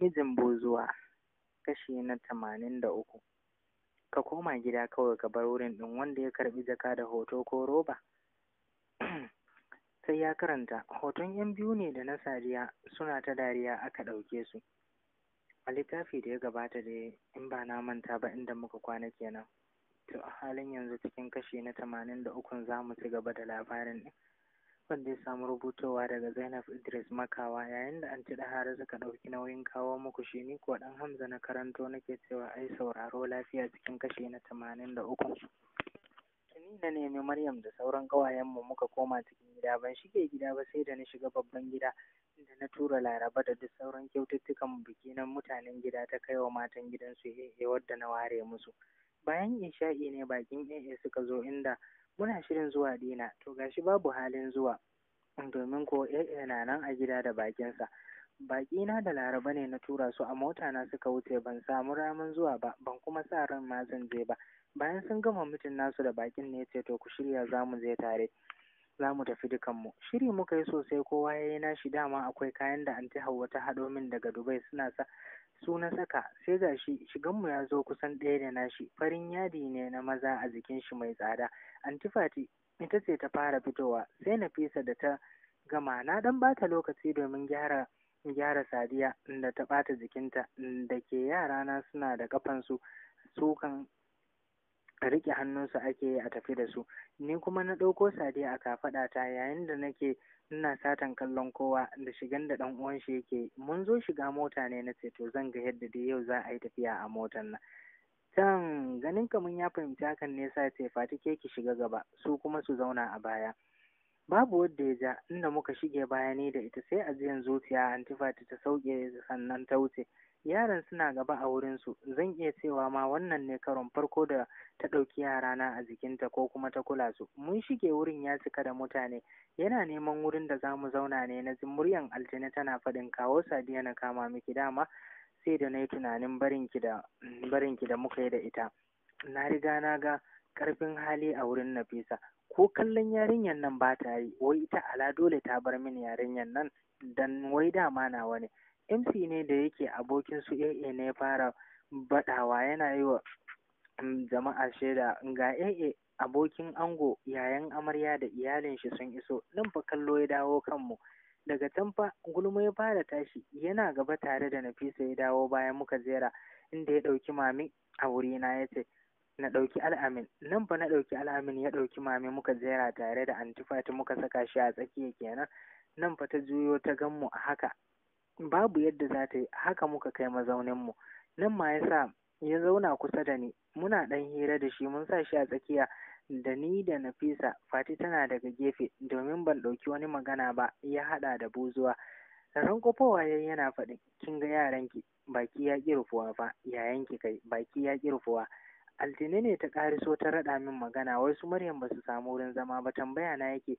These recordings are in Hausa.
mijin bozuwa kashi na tamanin da uku ka koma gida kawai ka bar wurin ɗin wanda ya karɓi jaka da hoto ko roba sai ya karanta hoton yan biyu ne da na sadiya suna ta dariya aka ɗauke su a littafi da ya gabata da in ba na manta ba inda muka kwana kenan to a halin yanzu cikin kashi na tamanin da ukun za mu ci gaba da labarin ɗin Gospel dai samu rubutowa daga Zainab Idris Makawa yayin da an ci Hara suka ɗauki nauyin kawo muku shi ni ko ɗan Hamza na karanto nake cewa ai sauraro lafiya cikin kashe na tamanin da uku. Tuni na nemi Maryam da sauran ƙawayenmu muka koma cikin gida ban shige gida ba sai da na shiga babban gida inda na tura Laraba da duk sauran kyaututtukan biki na mutanen gida ta kai wa matan gidansu hehe wadda na ware musu. Bayan isha'i ne bakin AA suka zo inda muna shirin zuwa dina to gashi babu halin zuwa domin ko ya na nan a gida da bakinsa baki na da laraba ne na tura su a mota na suka wuce ban samu ramin zuwa ba ban kuma sa ran ma zan je ba bayan sun gama mutum nasu da bakin ne ce to ku shirya za mu je tare za mu tafi dukanmu shiri muka yi sosai kowa ya yi nashi dama akwai kayan da anti hauwa ta haɗo min daga dubai suna sa su na saka sai ga shi shiganmu ya zo kusan ɗaya da nashi farin yadi ne na maza a jikin shi mai tsada antifati ita ce ta fara fitowa sai na fisa da ta gama na dan bata lokaci domin gyara gyara sadiya da ta bata jikinta da ke yarana suna da kafansu sukan A riƙe hannunsu ake yi a tafi da su ni kuma na ɗauko Sadiya a ta, yayin da nake ina satan kallon kowa da shigan da ɗan uwan shi yake mun zo shiga mota ne na ce to zan ga yadda dai yau za a yi tafiya a motar nan can ganin ka mun ya fahimci hakan ne sa ce fati ke ki shiga gaba su kuma su zauna a baya babu wadda ya ja inda muka shige bayani da ita sai ajiyan zuciya antifati ta sauke sannan ta wuce yaran suna gaba a wurin su zan iya cewa ma wannan ne karon farko da ta ɗauki yarana a jikinta ko kuma ta kula su mun shige wurin ya cika da mutane yana neman wurin da za mu zauna ne na muryan aljini tana faɗin kawo sadiya na kama miki dama sai da na yi tunanin barinki da muka yi da ita na riga na ga ƙarfin hali a wurin nafisa ko kallon yarinyar nan ba ta yi wai ita ala dole ta bar mini yarinyar nan dan wai dama na wani. mc ne da yake abokin su aa ne fara baɗawa yana yi wa jama'a shaida ga aa abokin ango yayan amarya da iyalin shi sun iso nan fa kallo ya dawo kanmu daga can fa gulma ya fara tashi yana gaba tare da nafisa ya dawo bayan muka jera inda ya dauki mami a wurina ya ce na ɗauki al'amin nan fa na ɗauki al'amin ya ɗauki mami muka jera tare da antifati muka saka shi a tsakiya kenan nan fa ta juyo ta gan mu a haka babu yadda za ta yi haka muka kai mazaunin mu nan ma ya sa ya zauna kusa da ni muna ɗan hira da shi mun sa shi a tsakiya da ni da Nafisa Fati tana daga gefe domin ban ɗauki wani magana ba ya haɗa da buzuwa kofowa yayi yana faɗin kin ga yaranki baki ya ƙi rufuwa fa yayanki kai baki ya ƙi altine ne ta ƙariso ta raɗa min magana wai su maryam ba su samu wurin zama ba tambaya na yake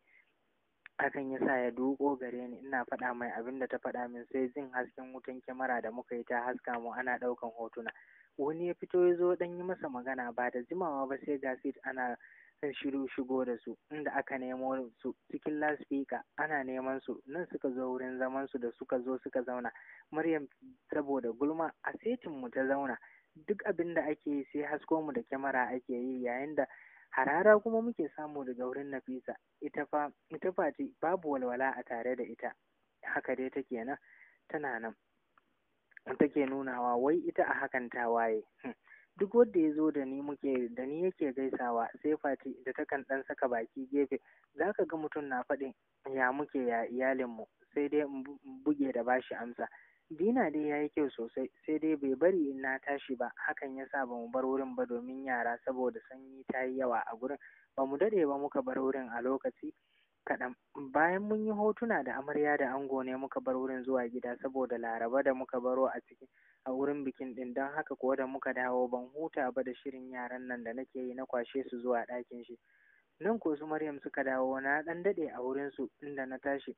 hakan ya sa ya duƙo gare ni ina faɗa mai abin da ta faɗa min sai jin hasken wutan kyamara da muka yi ta haska mu ana ɗaukan hotuna wani ya fito ya zo ɗan yi masa magana ba da jimawa ba sai ga ana son shiru shigo da su inda aka nemo su cikin laspika ana neman su nan suka zo wurin zaman da suka zo suka zauna maryam saboda gulma a setin mu ta zauna duk abin da ake yi sai hasko mu da kyamara ake yi yayin da harara kuma muke samu daga wurin nafisa ita fa ita fati babu walwala a tare da ita haka dai take nan tana nan take nunawa wai ita a hakan ta waye hmm. duk wanda ya zo da ni muke da ni yake gaisawa sai fati da takan dan saka baki gefe zaka ga mutum na faɗin ya muke ya iyalinmu sai dai in buge da bashi amsa Dina dai ya yi kyau sosai, sai dai bai bari in na tashi ba, hakan ya sa ba mu bar wurin ba domin yara saboda sanyi ta yi yawa a gurin. Ba mu daɗe ba muka bar wurin a lokaci kaɗan. Bayan mun yi hotuna da amarya da ango ne muka bar wurin zuwa gida saboda laraba da muka baro a ciki a wurin bikin ɗin don haka kuwa da muka dawo ban huta ba da shirin yaran nan da nake yi na kwashe su zuwa ɗakin shi. Nan ko su Maryam suka dawo na ɗan daɗe a wurinsu inda na tashi.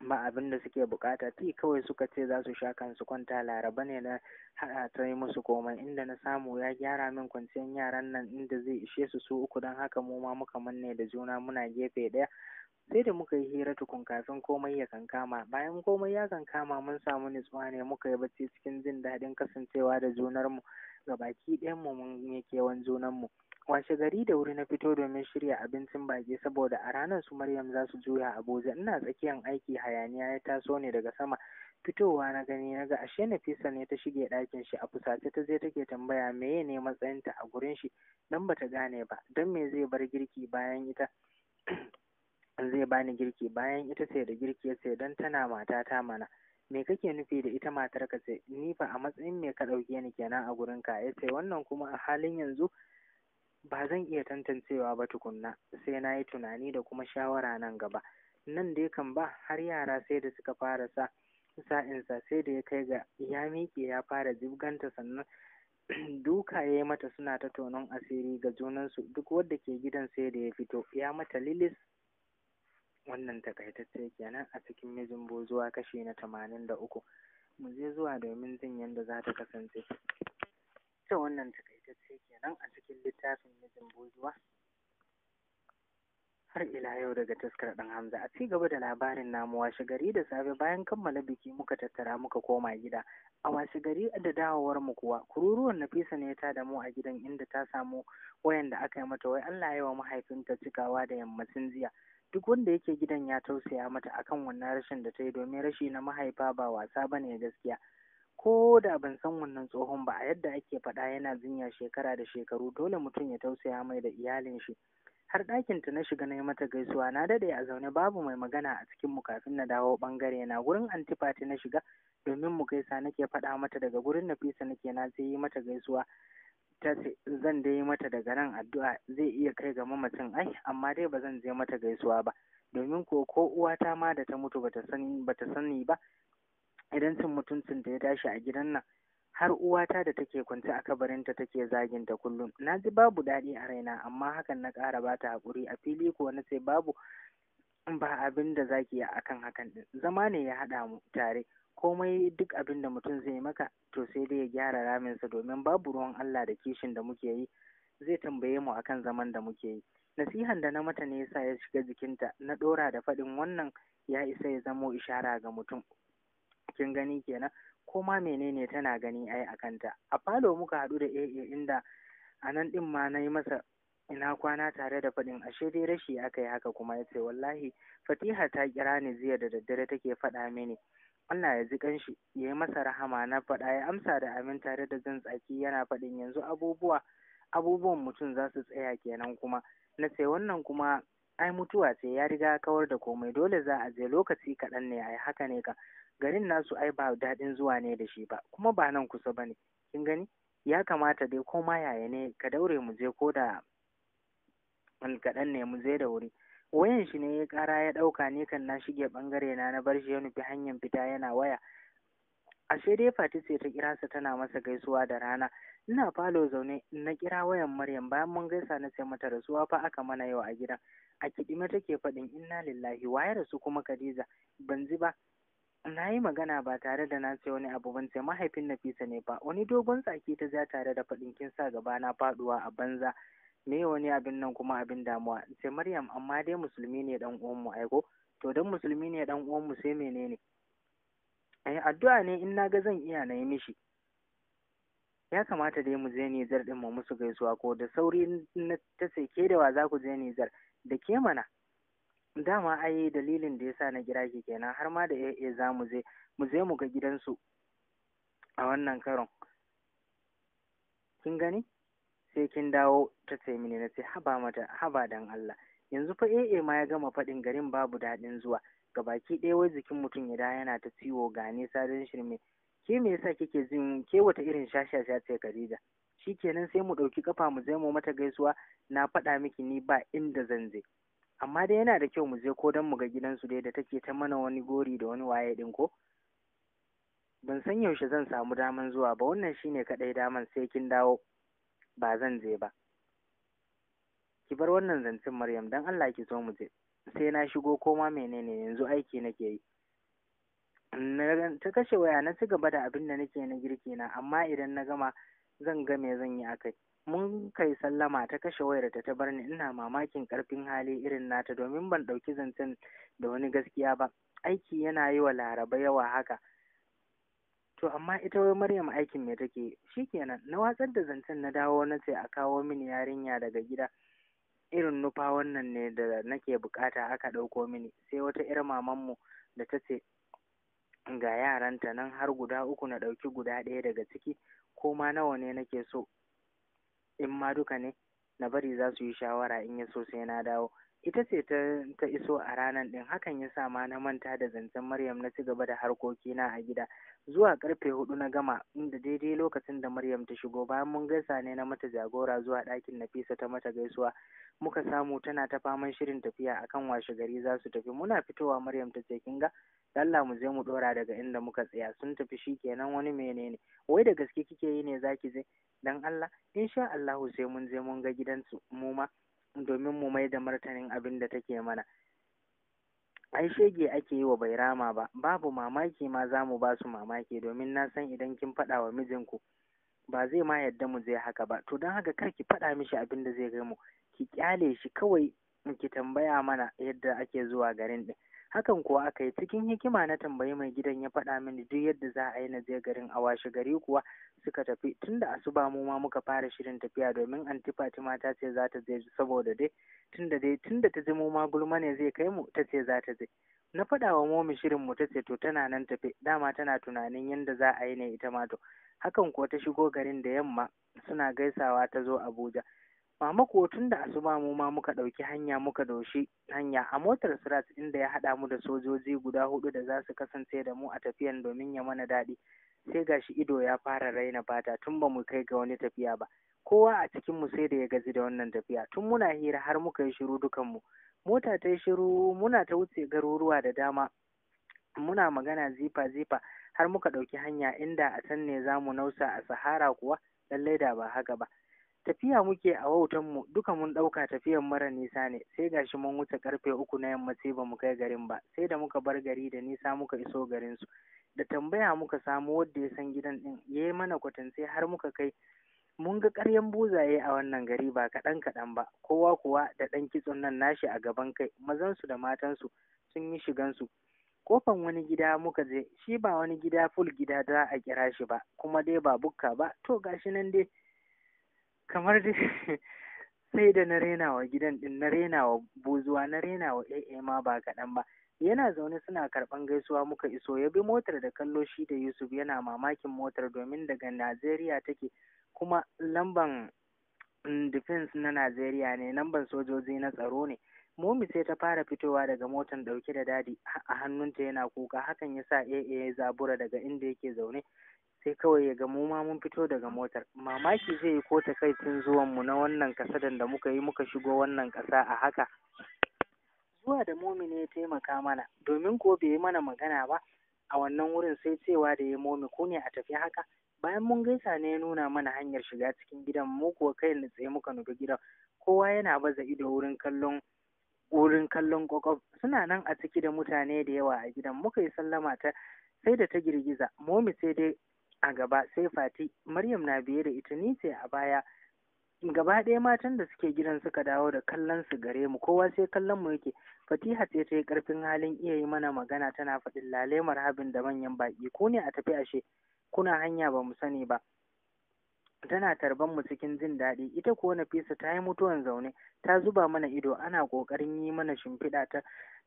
ma abin da suke bukata ti kawai suka ce za su sha kansu kwanta laraba ne na haɗa ta yi musu komai inda na samu ya gyara min kwanciyar yaran nan inda zai ishe su su uku don haka mu ma muka manne da juna muna gefe ɗaya sai da muka yi hira tukun kafin komai ya kankama bayan komai ya kankama mun samu nutsuwa ne muka yi bacci cikin jin daɗin kasancewa da junarmu ga baki ɗayanmu mun yi kewan junanmu washe gari da wuri na fito domin shirya abincin baki saboda a ranar su maryam za su juya abuja ina tsakiyar aiki hayaniya ya taso ne daga sama fitowa na gani na ga ashe nafisa ne ta shige ɗakin shi a fusace ta je take tambaya meye ne matsayinta a gurin shi dan bata gane ba dan me zai bar girki bayan ita zai bani girki bayan ita ce da girki sai dan don tana matata mana me kake nufi da ita matar ka ce ni fa a matsayin me ka ɗauke ni kenan a gurin ka ya ce wannan kuma a halin yanzu ba zan iya tantancewa ba tukunna sai na yi tunani da kuma shawara nan gaba nan da kan ba har yara sai da suka fara sa sa'insa sai da ya kai ga ya miƙe ya fara jibganta sannan duka ya yi mata suna ta tonon asiri ga junansu duk wadda ke gidan sai da ya fito ya mata lilis wannan takaitacce kenan a cikin mijin bozuwa kashi na tamanin da uku mu je zuwa domin jin yadda za ta kasance da wannan takaitacce kenan a cikin littafin mijin bozuwa har ila yau daga taskar ɗan hamza a ci gaba da labarin namu washe gari da safe bayan kammala biki muka tattara muka koma gida a washe gari da dawowar mu kuwa kururuwan nafisa ne ta damu a gidan inda ta samu wayan da aka yi mata wai allah ya wa mahaifinta cikawa da yammacin jiya duk wanda yake gidan ya tausaya mata akan wannan rashin da ta yi domin rashi na mahaifa ba wasa bane gaskiya ko da ban san wannan tsohon ba a yadda ake faɗa yana jinya shekara da shekaru dole mutum ya tausaya mai da iyalin shi har ɗakinta na shiga na yi mata gaisuwa na dade a zaune babu mai magana a cikin mu kafin na dawo bangare na gurin antifati na shiga domin mu gaisa nake faɗa mata daga gurin nafisa nake na sai yi mata gaisuwa ta zan dai yi mata daga nan addu'a zai iya kai ga mamacin ai amma dai ba zan je mata gaisuwa ba domin ko ko uwata ma da ta mutu bata sani bata sani ba idan cin mutuncin da ya tashi a gidan nan har uwata da take kwance a kabarinta take zaginta kullum na ji babu daɗi a raina amma hakan na ƙara ba ta haƙuri a fili ko na ce babu ba abin da zaki yi akan hakan ɗin. zama ne ya haɗa mu tare komai duk abin da mutum zai maka to sai dai ya gyara raminsa domin babu ruwan Allah da kishin da muke yi zai tambaye mu akan zaman da muke yi nasihan da na mata ne yasa ya shiga jikinta na ɗora da faɗin wannan ya isa ya zamo ishara ga mutum lokacin gani kenan ko ma menene tana gani ai a kanta a falo muka haɗu da AA inda a nan ɗin ma nayi masa ina kwana tare da faɗin ashe dai rashi aka yi haka kuma ya ce wallahi fatiha ta kira ni ziya da daddare take faɗa mini Allah ya ji kanshi ya yi masa rahama na faɗa ya amsa da amin tare da jin tsaki yana faɗin yanzu abubuwa abubuwan mutum za su tsaya kenan kuma na ce wannan kuma ai mutuwa ce ya riga kawar da komai dole za a je lokaci kaɗan ne ai haka ne ka garin nasu ai ba daɗin zuwa ne da shi ba kuma ba nan kusa ba ne kin gani ya kamata dai ko ma yaya ne ka daure mu je ko da kaɗan ne mu je da wuri wayan shi ne ya ƙara ya ɗauka ne kan na shige ɓangare na na bar shi ya nufi hanyar fita yana waya ashe dai fati ce ta kira sa tana masa gaisuwa da rana ina falo zaune na kira wayan maryam bayan mun gaisa na sai mata rasuwa fa aka mana yau a gidan a kidime take faɗin inna lillahi waye rasu kuma khadija ban ji ba na yi magana ba tare da na sai wani abu ban sai mahaifin nafisa ne ba wani dogon tsaki ta ja tare da faɗin kin sa gaba na faɗuwa a banza me wani abin nan kuma abin damuwa sai maryam amma dai musulmi ne dan uwanmu aiko to dan musulmi ne dan uwanmu sai menene A yi addu'a ne in na ga zan iya na yi mishi ya kamata dai mu je Nizar din mu musu gaisuwa ko da sauri na ta sake da wa za ku je Nizar da ke mana dama ai dalilin da yasa na kira ki kenan har ma da iya za mu je mu je mu ga gidansu a wannan karon kin gani sai kin dawo ta ce mini na ce haba mata haba dan Allah yanzu fa AA ma ya gama faɗin garin babu daɗin zuwa gabaki ɗaya wai jikin mutum ya da yana ta ciwo ga nisa don shirme ke me yasa kike jin ke wata irin shashasha ce Khadija shikenan sai mu ɗauki kafa mu je mu mata gaisuwa na faɗa miki ni ba inda zan je amma dai yana da kyau mu je ko don mu ga gidansu dai da take ta mana wani gori da wani waye ɗin ko ban san yaushe zan samu daman zuwa ba wannan shine kaɗai daman sai kin dawo ba zan je ba ki bar wannan zancen Maryam dan Allah ki zo mu je sai na shigo koma menene yanzu aiki nake yi ta kashe waya na ci gaba da abin da nake na girki na amma idan na gama zan ga me zan yi akai mun kai sallama ta kashe wayar ta ta bar ni ina mamakin karfin hali irin nata domin ban ɗauki zancen da wani gaskiya ba aiki yana yi wa laraba yawa haka to amma ita wai maryam aikin me take kenan, na watsar da zancen na dawo na ce a kawo mini yarinya daga gida irin nufa wannan ne da nake bukata aka ɗauko mini sai wata 'yar mamanmu da ta ce ga yaranta nan har guda uku na ɗauki guda ɗaya daga ciki ko ma nawa ne nake so in ma duka ne na bari za su yi shawara in ya so sai na dawo ita ce ta iso a ranar ɗin hakan ya sa ma na manta da zancen Maryam na ci gaba da harkokina a gida zuwa karfe hudu na gama inda daidai lokacin da Maryam ta shigo bayan mun gaisa ne na mata jagora zuwa ɗakin Nafisa ta mata gaisuwa muka samu tana ta faman shirin tafiya akan washe gari za su tafi muna fitowa Maryam ta ce kin ga Allah mu je mu dora daga inda muka tsaya sun tafi shi kenan wani menene wai da gaske kike yi ne zaki je dan Allah insha Allah sai mun je mun ga gidansu mu ma domin mu mai da martanin abin da take mana ai shege ake yi wa Bairama ba babu mamaki ma za mu ba su mamaki domin na san idan kin faɗa wa mijinku ba zai ma yadda mu je haka ba to don haka kar ki faɗa mishi abin da zai kai mu ki kyale shi kawai ki tambaya mana yadda ake zuwa garin ɗin hakan kuwa aka yi cikin hikima na tambayi mai gidan ya faɗa mini duk yadda za a yi na je garin awashi gari kuwa suka tafi tun da asuba mu ma muka fara shirin tafiya domin anti fatima ta ce za ta je saboda dai tun dai tun ta ji mu ma gulma ne zai kai mu ta ce za ta je na faɗa wa momi shirin mu ta ce to tana nan tafe dama tana tunanin yadda za a yi ne ita ma to hakan kuwa ta shigo garin da yamma suna gaisawa ta zo abuja Mama ko tun da asuba mu ma muka ɗauki hanya muka doshi hanya a motar Sirat inda ya haɗa mu da sojoji guda hudu da za su kasance da mu a tafiyan domin ya mana daɗi. Sai gashi ido ya fara raina fata tun ba mu kai ga wani tafiya ba. Kowa a cikin mu sai da ya gaji da wannan tafiya tun muna hira har muka yi shiru dukanmu. Mota ta yi shiru muna ta wuce garuruwa da dama. Muna magana zifa zifa har muka ɗauki hanya inda a san ne za mu nausa a Sahara kuwa lallai da ba haka ba. tafiya muke a wautan mu duka mun ɗauka tafiyan mara nisa ne sai gashi mun wuce karfe uku na yamma sai mu kai garin ba sai da muka bar gari da nisa muka iso garin su da tambaya muka samu wanda ya san gidan din yi mana sai har muka kai mun ga ƙaryan buzaye a wannan gari ba kaɗan kaɗan ba kowa kuwa da ɗan kitson nan nashi a gaban kai mazan su da matan su sun yi shigan su, kofan wani gida muka je shi ba wani gida ful gida za a kira shi ba kuma dai ba bukka ba to gashi nan dai kamar dai sai da na renawa gidan din na renawa bozuwa na renawa AA ma ba kaɗan ba yana zaune suna karɓan gaisuwa muka iso ya bi motar da kallo shi da Yusuf yana mamakin motar domin daga Najeriya take kuma lamban defense na Najeriya ne lamban sojoji na tsaro ne Momi sai ta fara fitowa daga motan ɗauke da dadi a hannunta yana kuka hakan ya sa AA ya zabura daga inda yake zaune sai kawai ya ga mu ma mun fito daga motar mamaki zai yi ko takaicin zuwan mu na wannan kasa da muka yi muka shigo wannan kasa a haka zuwa da Momi ne ya taimaka mana domin ko bai yi mana magana ba a wannan wurin sai cewa da ya momi ku ne a tafi haka bayan mun gaisa ne ya nuna mana hanyar shiga cikin gidan mu kuwa kai na tsaye muka nufi gidan kowa yana baza ido wurin kallon wurin kallon kwakwaf suna nan a ciki da mutane da yawa a gidan muka yi sallama ta sai da ta girgiza momi sai dai a gaba sai fati maryam na biye da ita ni ce a baya gaba ɗaya matan da suke gidan suka dawo da kallon su gare mu kowa sai kallon mu yake fatiha ce ta yi karfin halin iya yi mana magana tana faɗin lalemar habin da manyan baƙi ku ne a tafi ashe kuna hanya ba mu sani ba tana tarban mu cikin jin daɗi ita kuwa nafisa ta yi mutuwan zaune ta zuba mana ido ana ƙoƙarin yi mana shimfiɗa ta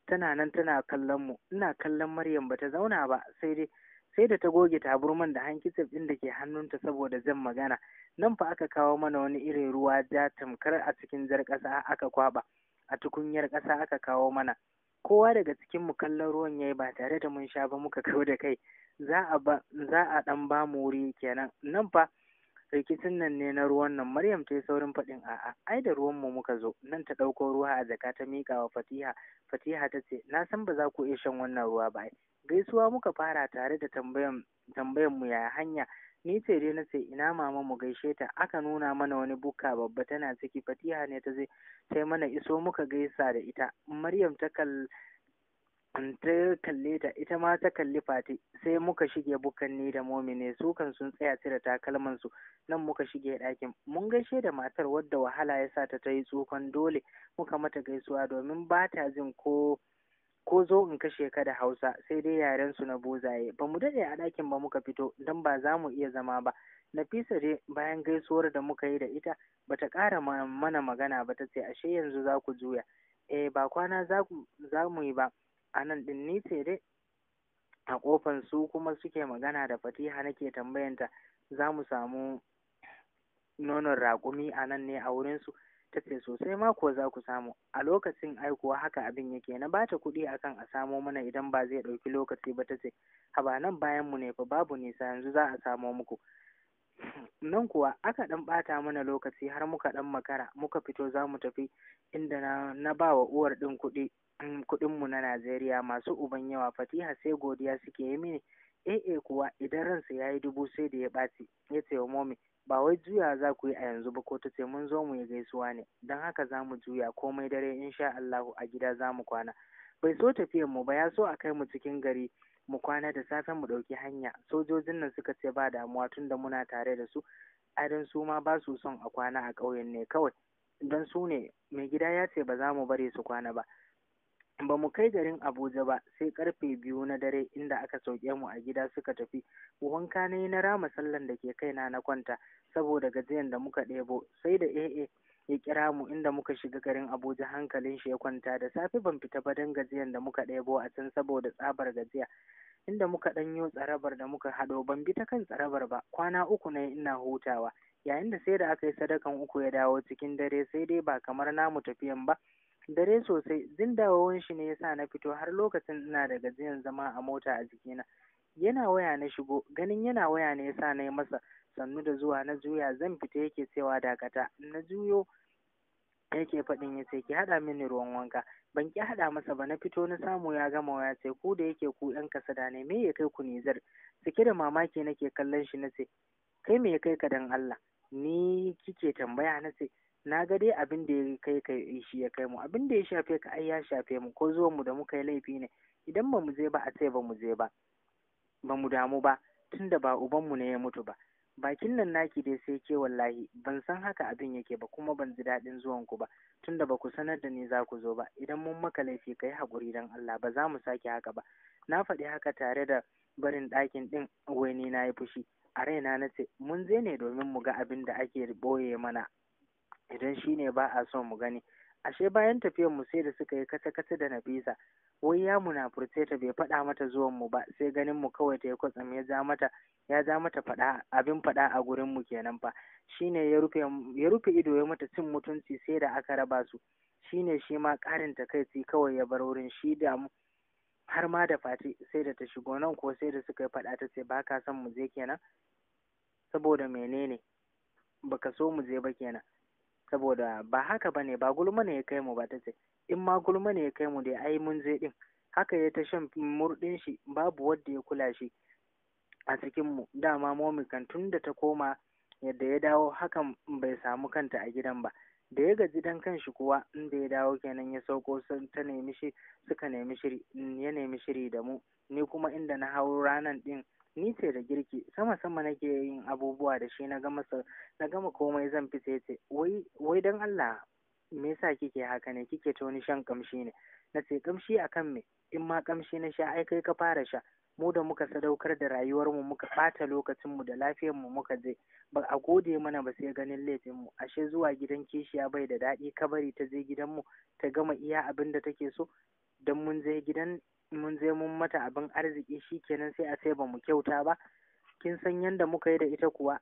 tana nan tana kallon mu ina kallon maryam ba ta zauna ba sai dai sai da ta goge taburman da hankicin ɗin da ke hannunta saboda zan magana nan fa aka kawo mana wani irin ruwa ja tamkar a cikin jar ƙasa aka kwaba a tukunyar ƙasa aka kawo mana kowa daga cikin mu kallon ruwan yayi ba tare da mun sha ba muka kawo da kai za a ba za a dan ba mu wuri kenan nan fa rikicin nan ne na ruwan nan Maryam ta yi saurin faɗin a'a ai da ruwan mu muka zo nan ta ɗauko ruwa a jaka ta miƙa wa Fatiha Fatiha ta ce na san ba za ku iya shan wannan ruwa ba gaisuwa muka fara tare da tambayan tambayan mu yaya hanya ni ce dai na ce ina mama mu gaishe ta aka nuna mana wani buka babba tana ciki fatiha ne ta zai sai mana iso muka gaisa da ita maryam ta kal ta kalle ta ita ma ta kalli fati sai muka shige bukan ni da momine su kan sun tsaya cire takalman su nan muka shige ɗakin mun gaishe da matar wadda wahala ya sa ta ta yi tsufan dole muka mata gaisuwa domin ba ta jin ko ko zo in kashe ka da hausa sai dai yaren su na bozaye ba mu dade a ɗakin ba muka fito don ba za mu iya zama ba nafisa dai bayan gaisuwar da muka yi da ita bata ƙara mana magana ba ta ce ashe yanzu za ku juya eh ba kwana za mu yi ba a nan ɗin ni ce dai a ƙofan su kuma suke magana da fatiha nake tambayanta za mu samu nonon raƙumi anan ne a wurinsu ta ce sosai ma kuwa za ku samu a lokacin aikuwa haka abin yake na bata kuɗi akan a samo mana idan ba zai ɗauki lokaci ba ta ce haba nan bayan mu ne fa babu nisa yanzu za a samo muku nan kuwa aka ɗan ɓata mana lokaci har muka ɗan makara muka fito za mu tafi inda na, na ba wa uwar ɗin kuɗi kuɗinmu na Najeriya masu uban yawa fatiha sai godiya suke yi mini AA kuwa idan ransa ya yi dubu sai da ya ɓaci ya ce wa momi ba wai juya za ku yi a yanzu ba ko ta ce mun zo mu yi gaisuwa ne don haka za mu juya komai dare insha Allahu a gida za mu kwana bai so tafiyan mu ba ya so a kai mu cikin gari mu kwana da safe mu ɗauki hanya sojojin nan suka ce ba damuwa tun da muna tare da su adin su ma ba su son a kwana a ƙauyen ne kawai don su ne mai gida ya ce ba za mu bari su kwana ba ba mu kai garin abuja ba sai karfe biyu na dare inda aka sauke mu a gida suka tafi wanka ne na rama sallan da ke kaina na kwanta saboda gajiyan da muka ɗebo sai da aa ya kira mu inda muka shiga garin abuja hankalin shi ya kwanta da safe ban fita ba don gajiyan da muka ɗebo a can saboda tsabar gajiya inda muka ɗanyo tsarabar da muka haɗo ban bi ta kan tsarabar ba kwana uku ne ina hutawa yayin da sai da aka yi sadakan uku ya dawo cikin dare sai dai ba kamar namu tafiyan ba dare sosai jin dawowan shi ne yasa na fito har lokacin ina da gajiyan zama a mota a jikina yana waya na shigo ganin yana waya ne yasa na yi masa sannu da zuwa na juya zan fita yake cewa dakata na juyo yake faɗin ya ce ki haɗa mini ruwan wanka ban ki haɗa masa ba na fito na samu ya gama waya ce ku da yake ku 'yan kasada ne me ya kai ku nizar?" cike da mamaki nake kallon shi na ce kai me ya kai ka dan Allah ni kike tambaya na ce na ga dai abin da ya kai ka shi ya kai mu abin da ya shafe ka ai ya shafe mu ko zuwan mu da muka yi laifi ne idan ba mu je ba a ce ba mu je ba ba mu damu ba tunda ba uban mu ne ya mutu ba bakin nan naki dai sai ke wallahi ban san haka abin yake ba kuma ban ji daɗin zuwan ku ba tunda ba ku sanar da ni za ku zo ba idan mun maka laifi kai haƙuri dan Allah ba za mu sake haka ba na faɗi haka tare da barin ɗakin ɗin waini na yi fushi a raina na ce mun je ne domin mu ga abin da ake boye mana idan shi ne ba a son mu gani ashe bayan tafiyar mu sai da suka yi kata-kata da nabisa wai ya muna furce ta bai faɗa mata zuwan mu ba sai ganin mu kawai ta yi kwatsam ya ja mata ya ja mata faɗa abin faɗa a gurin mu kenan fa shine ya rufe ya rufe ido ya mata cin mutunci sai da aka raba su shine shi ma ƙarin takaici kawai ya bar wurin shi da mu har ma da fati sai da ta shigo nan ko sai da suka yi faɗa ta ce ba son mu je kenan saboda menene baka so mu je ba kenan saboda ba haka ba ne ba gulma ne ya kai mu ba ta ce in ma gulma ne ya kai mu dai ai mun je ɗin haka ya ta shan murɗin shi babu wanda ya kula shi a cikin mu dama momi kan tun da ta koma yadda ya dawo hakan bai samu kanta a gidan ba da ya gaji dan kanshi kuwa inda ya dawo kenan ya sauko ta nemi shi suka nemi shiri ya nemi shiri da mu ni kuma inda na hau ranan din ni ce da girki sama sama nake yin abubuwa da shi na gama komai zan fice ce wai wai dan Allah me yasa kike haka ne kike ta wani shan kamshi ne na ce kamshi akan me in ma kamshi na sha ai kai ka fara sha mu da muka sadaukar da rayuwarmu muka ɓata lokacinmu da lafiyar mu muka je ba a gode mana ba sai ganin laifinmu ashe zuwa gidan kishiya bai da daɗi bari ta je gidanmu ta gama iya abin da take so don mun je gidan mun je mun mata abin arziki shi kenan sai a sai ba mu kyauta ba kin san yadda muka yi da ita kuwa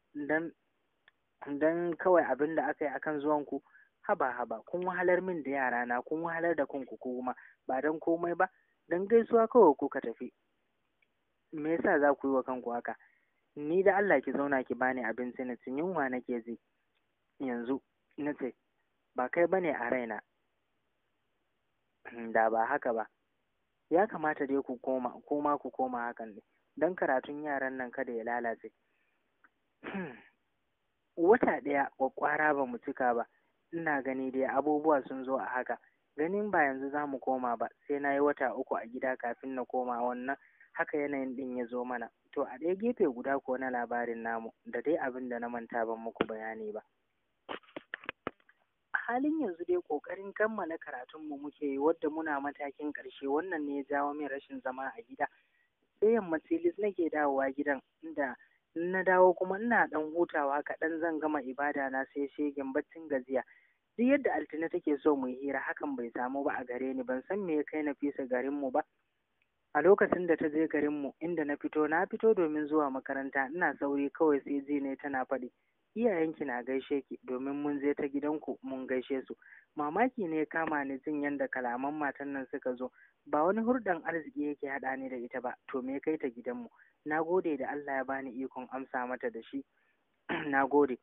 dan kawai abin da aka yi akan zuwan ku haba haba kun wahalar min da yara na kun wahalar da kanku kuma ba dan komai ba dan gaisuwa kawai kuka tafi me yasa za ku yi wa kanku haka ni da Allah ki zauna ki bani abinci na cin yunwa nake ji yanzu na ce ba kai bane a raina da ba haka ba ya kamata dai ku koma ma ku koma hakan ne don karatun yaran nan kada ya lalace hmm. wata ɗaya kwakwara ba mu cika ba ina gani dai abubuwa sun zo a haka ganin ba yanzu za mu koma ba sai na yi wata uku a gida kafin na koma wannan haka yanayin ɗin ya zo mana to a ɗaya gefe guda ko na labarin namu da dai abin da na manta ban muku bayani ba halin yanzu dai ƙoƙarin kammala karatunmu muke yi wadda muna matakin ƙarshe wannan ne ya jawo min rashin zama a gida sai yamma tilis nake dawowa gidan inda na dawo kuma ina ɗan hutawa kaɗan zan gama ibada na sai shegen baccin gajiya duk yadda altina take so mu hira hakan bai samu ba a gare ni ban san me ya kai na fisa garinmu ba a lokacin da ta je mu inda na fito na fito domin zuwa makaranta ina sauri kawai sai ji ne tana faɗi iyayenki na gaishe ki domin mun je ta gidanku mun gaishe su mamaki ne kama ni jin yadda kalaman matan nan suka zo ba wani hurdan arziki yake haɗa ni da ita ba to me kai ta gidanmu na gode da Allah ya bani ikon amsa mata da shi na gode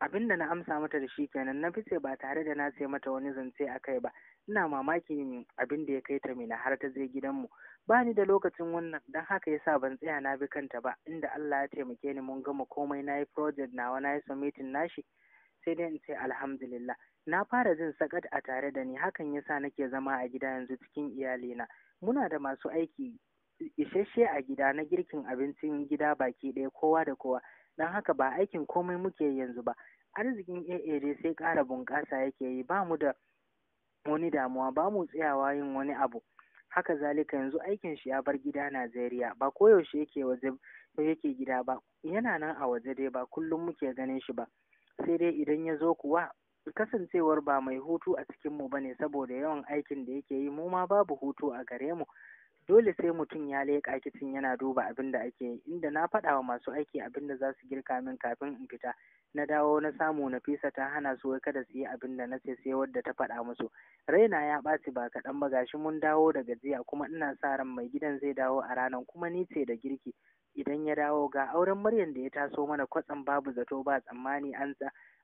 abin da na amsa mata da shi kenan na fice ba tare da na ce mata wani zance a kai ba ina mamakin abin da ya kai ta mina har ta je gidanmu ba ni da lokacin wannan don haka ya sa ban tsaya na bi kanta ba inda Allah ya taimake ni mun gama komai na yi project nawa na yi submitting nashi sai dai in ce alhamdulillah na fara jin sakat a tare da ni hakan ya yasa nake zama a gida yanzu cikin iyalina muna da masu aiki isasshe a gida na girkin abincin gida baki ɗaya kowa da kowa don haka ba aikin komai muke yanzu ba arzikin AA dai sai ƙara bunƙasa yake yi ba mu da wani damuwa ba mu tsayawa yin wani abu haka zalika yanzu aikin shi ya bar gida Najeriya ba koyaushe yake waje yake gida ba yana nan a waje dai ba kullum muke ganin shi ba sai dai idan ya zo kuwa kasancewar ba mai hutu a cikin mu ne, saboda yawan aikin da yake yi mu ma babu hutu a gare mu dole sai mutum ya leƙa kicin yana duba abin da ake yi inda na faɗa wa masu aiki abin da za su girka min kafin in fita na dawo na samu na fisa ta hana su wai kada su yi abin da na ce sai wadda ta faɗa musu raina ya ɓaci ba kaɗan ba gashi mun dawo da gajiya kuma ina sa ran mai gidan zai dawo a ranar kuma ni ce da girki idan ya dawo ga auren Maryam da ya taso mana kwatsam babu zato ba tsammani an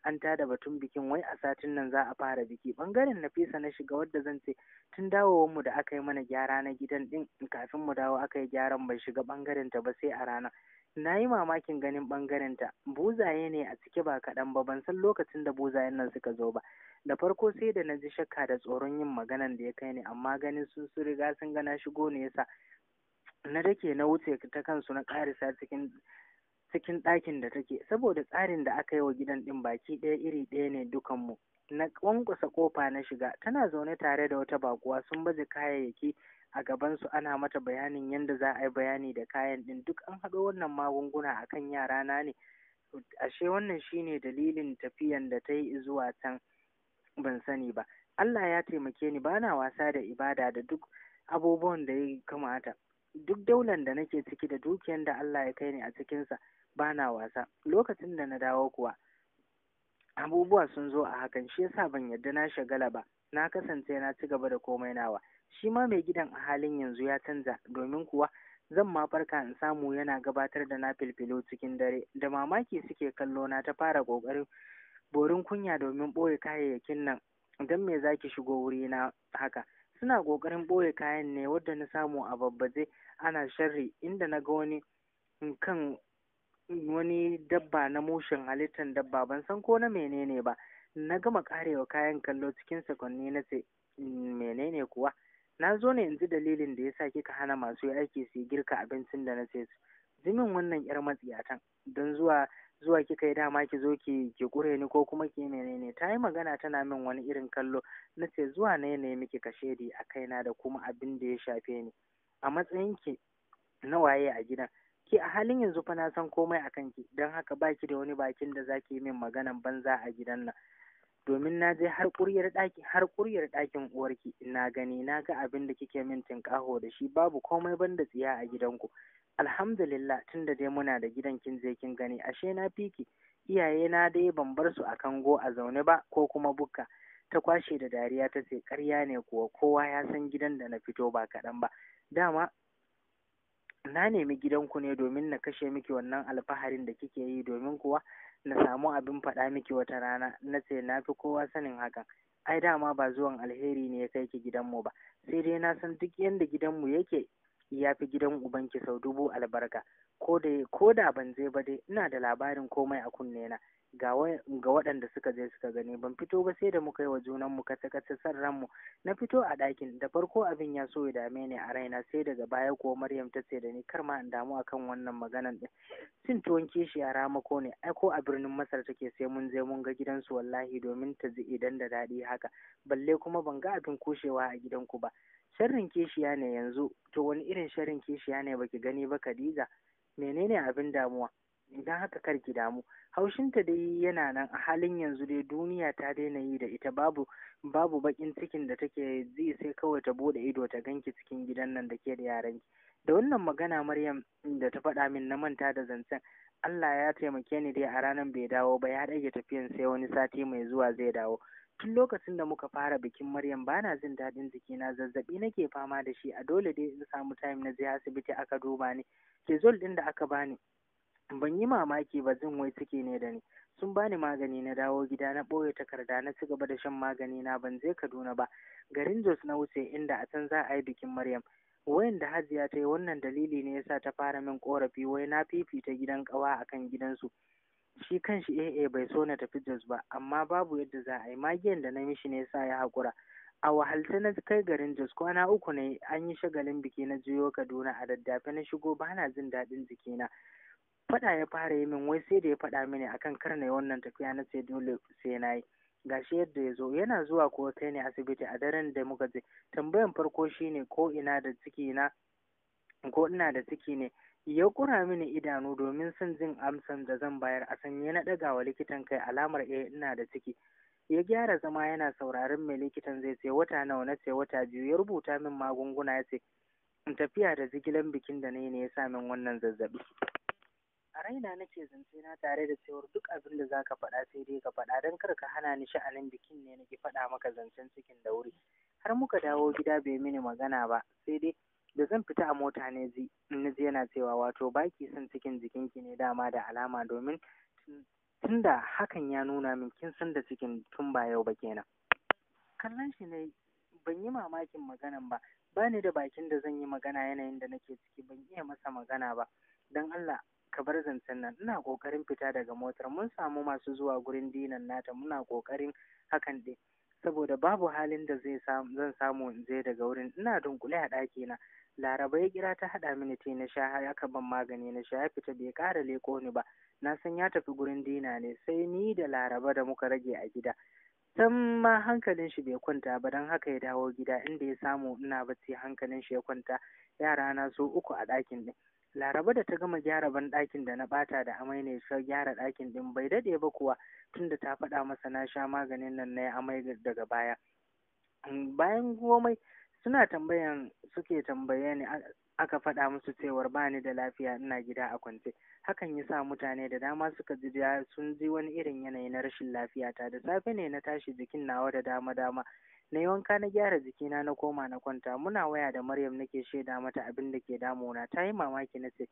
an tada batun bikin wai a satin nan za a fara biki bangaren nafisa na shiga wadda zan ce tun dawowar mu da aka yi mana gyara na gidan din kafin mu dawo aka yi gyaran bai shiga bangaren ta ba sai a rana na yi mamakin ganin bangaren ta buzaye ne a cike ba kaɗan ba ban san lokacin da buzayen nan suka zo ba da farko sai da na ji shakka da tsoron yin maganan da ya kai ni amma ganin sun su riga sun gana shigo ne yasa na dake na wuce ta kansu na ƙarisa cikin cikin ɗakin da take saboda tsarin da aka yi wa gidan ɗin baki ɗaya iri ɗaya ne dukanmu na kwankwasa kofa na shiga tana zaune tare da wata bakuwa sun baje kayayyaki a gabansu ana mata bayanin yadda za a yi bayani da kayan ɗin duk an haɗo wannan magunguna akan yara na ne ashe wannan shine dalilin tafiyan da ta yi zuwa can ban sani ba Allah ya taimake ni bana wasa da ibada da duk abubuwan da ya kamata duk daular da nake ciki da dukiyan da Allah ya kai ni a cikinsa ba na wasa lokacin da na dawo kuwa abubuwa sun zo a hakan shi yasa ban yadda na shagala ba na kasance na ci gaba da komai nawa shi ma mai gidan a halin yanzu ya canza domin kuwa zan ma farka in samu yana gabatar da na filfilo cikin dare da mamaki suke kallo na ta fara ƙoƙarin borin kunya domin boye kayayyakin nan don me zaki shigo wuri na haka suna ƙoƙarin ɓoye kayan ne wadda na samu a babbaje ana sharri inda na ga wani kan wani dabba na mushin halittar dabba ban san ko na menene ba na gama karewa kayan kallo cikin sakonni na ce mm, menene kuwa na zo ne yanzu dalilin da ya sa kika hana masu aiki su girka abincin da na ce su jimin wannan yar matsiyatan don zuwa zuwa kika yi dama ki zo ki ki kure ni ko kuma ki menene ta yi magana tana min wani irin kallo na ce zuwa na yanayi miki kashedi a kaina da kuma abin da ya shafe ni a matsayin ki na waye a gidan Ki a halin yanzu fa na san komai a kanki, don haka baki da wani bakin da zaki yi min maganan banza a gidan nan. Domin na je har ƙuryar ɗaki har ƙuryar ɗakin uwarki na gani na ga abin da kike min ƙaho da shi babu komai banda tsiya a gidan ku. Alhamdulillah tun da dai muna da gidan kin je kin gani ashe na fiki iyaye na dai ban bar su a kango a zaune ba ko kuma bukka. ta kwashe da dariya ta ce karya ne kuwa kowa ya san gidan da na fito ba kaɗan ba dama na nemi gidanku ne domin na kashe miki wannan alfaharin da kike yi domin kuwa na samu abin faɗa miki wata rana na ce na fi kowa sanin hakan ai dama ba zuwan alheri ne ya kai ki gidanmu ba sai dai na san duk yadda gidanmu yake ya fi gidan ubanki sau dubu albarka ko da ban je ba dai ina da labarin komai a kunne na ga waɗanda suka je suka gani ban fito ba sai da muka yi wa junanmu kace kace san ranmu na fito a ɗakin da farko abin ya so ya dame ni a raina sai daga baya kuwa maryam ta ce da ni kar ma in damu akan wannan maganan din cin tuwon kishi a ramako ne ai ko a birnin masar take sai mun je mun ga gidansu wallahi domin ta ji idan da daɗi haka balle kuma ban ga abin kushewa a gidanku ba sharrin kishiya ne yanzu to wani irin sharrin kishiya ne baki gani ba khadija menene abin damuwa idan haka kar ki damu haushinta dai yana nan a halin yanzu dai duniya ta daina yi da ita babu babu bakin cikin da take zai sai kawai ta bude ido ta ganki cikin gidan nan da ke da ki. da wannan magana maryam da ta faɗa min na manta da zancen Allah ya taimake ni dai a ranar bai dawo ba ya ɗage tafiyan sai wani sati mai zuwa zai dawo tun lokacin da muka fara bikin Maryam bana jin daɗin jikina zazzaɓi nake fama da shi a dole dai in samu time na je asibiti aka duba ni zol ɗin da aka bani ban yi mamaki ba jin wai suke ne da ni sun bani magani na dawo gida na ɓoye takarda na cigaba da shan magani na ban je kaduna ba garin jos na wuce inda a can za a yi bikin maryam wayan da hajiya ta yi wannan dalili ne yasa ta fara min korafi wai na fifita gidan kawa akan gidansu shi kanshi AA bai so na tafi Jos ba amma babu yadda za a yi magiyan da na mishi ne sa ya haƙura a wahalta na kai garin Jos kwana uku ne an yi shagalin biki na juyo Kaduna a daddafe na shigo ba na jin daɗin jikina faɗa ya fara yi min wai sai da ya faɗa mini akan kar wannan tafiya na sai dole sai na yi gashi yadda ya zo yana zuwa ko kai ne asibiti a daren da muka je tambayan farko shine ko ina da ciki na ko ina da ciki ne ya kura mini idanu domin son jin amsan da zan bayar a sanye na ɗaga wa likitan kai alamar eh ina da ciki ya gyara zama yana sauraron mai likitan zai ce wata nawa na ce wata biyu ya rubuta min magunguna ya ce tafiya da jigilan bikin da na yi ne ya sa min wannan zazzabi a raina nake zance na tare da cewar duk abin da zaka faɗa sai dai ka faɗa don kar ka hana ni sha'anin bikin ne nake faɗa maka zancen cikin da wuri har muka dawo gida bai mini magana ba sai dai da zan fita a mota ne ji yana cewa wato baki son cikin jikinki ne dama da alama domin tunda hakan ya nuna min kin san da cikin tun ba yau ba kenan kallon shi ne ban yi mamakin maganan ba bani da bakin da zan yi magana yanayin da nake ciki ban iya masa magana ba don Allah ka bar zancen nan ina kokarin fita daga motar mun samu masu zuwa gurin dinan nata muna kokarin hakan din saboda babu halin da zai zan samu in je daga wurin ina dunkule a ɗaki na laraba ya kira ta haɗa mini te na sha har aka ban magani na sha ya fita bai ƙara leko ni ba na san ya tafi gurin dina ne sai ni da laraba da muka rage a gida san ma hankalin shi bai kwanta ba don haka ya dawo gida inda ya samu ina bacci hankalin shi ya kwanta yara na su uku a ɗakin ɗin laraba da ta gama gyara banɗakin da na ɓata da amai ne ta gyara ɗakin ɗin bai daɗe ba kuwa tunda ta faɗa masa na sha maganin nan na amai daga baya mm, bayan gomai suna tambayan suke tambaye ni aka faɗa musu cewar ba ni da lafiya ina gida a kwance hakan ya sa mutane da dama suka ji sun ji wani irin yanayi na rashin lafiya ta da safe ne na tashi jikin nawa da dama dama na yi wanka na gyara jikina na koma na kwanta muna waya da maryam nake shaida mata abin da ke damuna ta yi mamaki na ce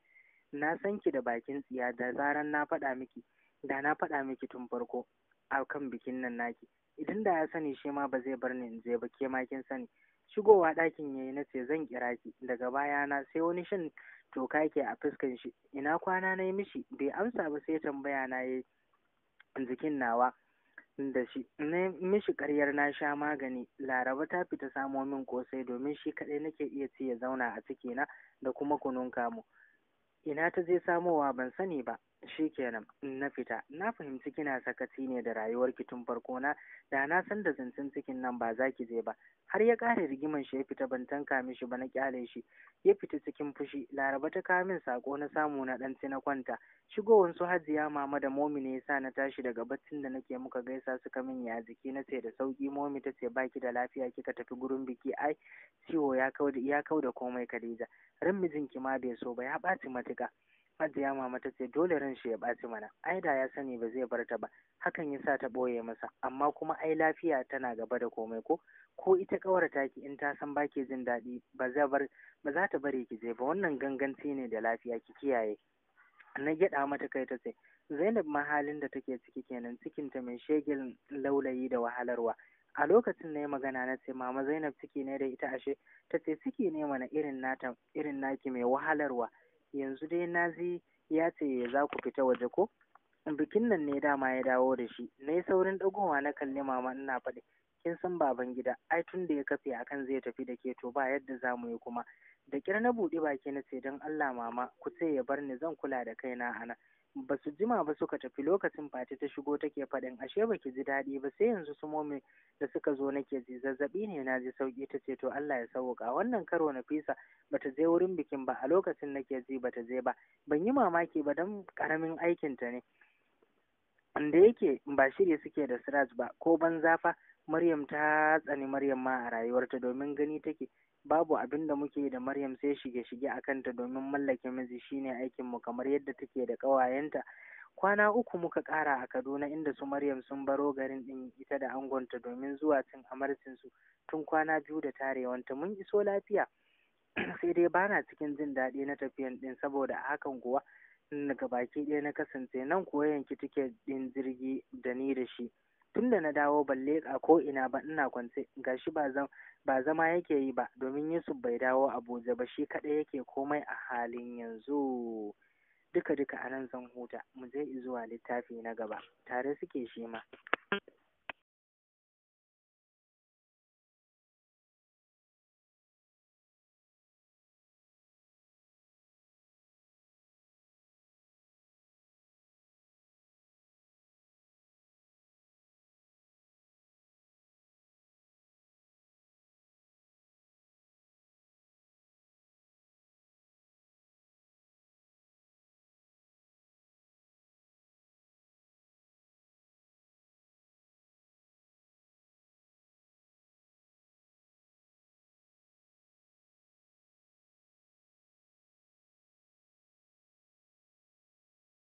na san ki da bakin tsiya da zaran na faɗa miki da na faɗa miki tun farko a kan bikin nan naki idan da ya sani shi ma ba zai bar ni in je ba ke ma kin sani shigowa ɗakin yayi na ce zan kira ki daga baya na sai wani shin toka ke a fuskan shi ina kwana na yi mishi bai amsa ba sai tambaya na yi jikin nawa da shi na mishi ƙaryar na sha magani laraba ta fita samo min kosai domin shi kaɗai nake iya ci ya zauna a cikina da kuma kunun kamu ina ta je samowa ban sani ba shikenan na fita na fahimci kina sakaci ne da rayuwarki tun farko na da na san da zancen cikin nan ba za ki je ba har ya ƙare rigiman shi ya fita ban tanka mishi ba na kyale shi ya fita cikin fushi laraba ta kawo min sako na samu na ɗanci na kwanta shigowar su hajiya mama da momi ne yasa na tashi daga baccin da nake muka gaisa suka min ya jiki na ce da sauki momi ta ce baki da lafiya kika tafi gurin biki ai ciwo ya kau da komai Khadija ran mijinki ma bai so ba ya ɓaci matuƙa ya mama ta ce dole ran shi ya ɓaci mana, ai da ya sani ba zai bar ta ba, hakan ya sa ta ɓoye masa, amma kuma ai lafiya tana gaba da komai ko, ko ita ƙawar ki in ta san baki jin daɗi ba za bar ba za ta bari ki je ba wannan ganganci ne da lafiya ki kiyaye. Na gyaɗa mata kai ta ce, Zainab ma halin da take ciki kenan cikinta mai shegin laulayi da wahalarwa. A lokacin na yi magana na ce, Mama Zainab ciki ne da ita ashe, ta ce ciki ne mana irin nata irin naki mai wahalarwa. yanzu dai nazi ya ce za ku fita waje ko bikin nan ne dama ya dawo da shi na yi saurin ɗagowa na kalli mama ina faɗi kin san baban gida ai tun da ya kafe akan zai tafi da ke to ba yadda za mu yi kuma da kyar na buɗe baki na ce don allah mama ku ce ya bar ni zan kula da kaina a ba su jima ba suka tafi lokacin fati ta shigo take faɗin ashe ba ki ji daɗi ba sai yanzu su momi da suka zo nake ji zazzaɓi ne na ji sauƙi ta ce to Allah ya sauƙa wannan karo na fisa ta je wurin bikin ba a lokacin nake ji ba ta je ba ban yi mamaki ba don ƙaramin aikinta ne da yake ba shiri suke da Siraj ba ko ban zafa? Maryam ta tsani Maryam ma a rayuwarta domin gani take babu abin da muke da Maryam sai shige-shige a kanta domin mallake miji shine aikinmu kamar yadda take da ƙawayenta. Kwana uku muka ƙara a Kaduna inda su Maryam sun baro garin ɗin ita da angonta domin zuwa cin amarcinsu tun kwana biyu da tarewanta mun iso lafiya. sai dai bana cikin jin daɗi na tafiyan ɗin saboda a hakan kuwa daga baki ɗaya na kasance nan kuwa yanki tiket ɗin jirgi da ni da shi. tun da na dawo ban leƙa ko ina ba ina kwance gashi ba zan ba zama yake yi ba domin Yusuf bai dawo Abuja ba shi kaɗai yake komai a halin yanzu duka duka a nan zan huta mu je zuwa littafi na gaba tare suke shi ma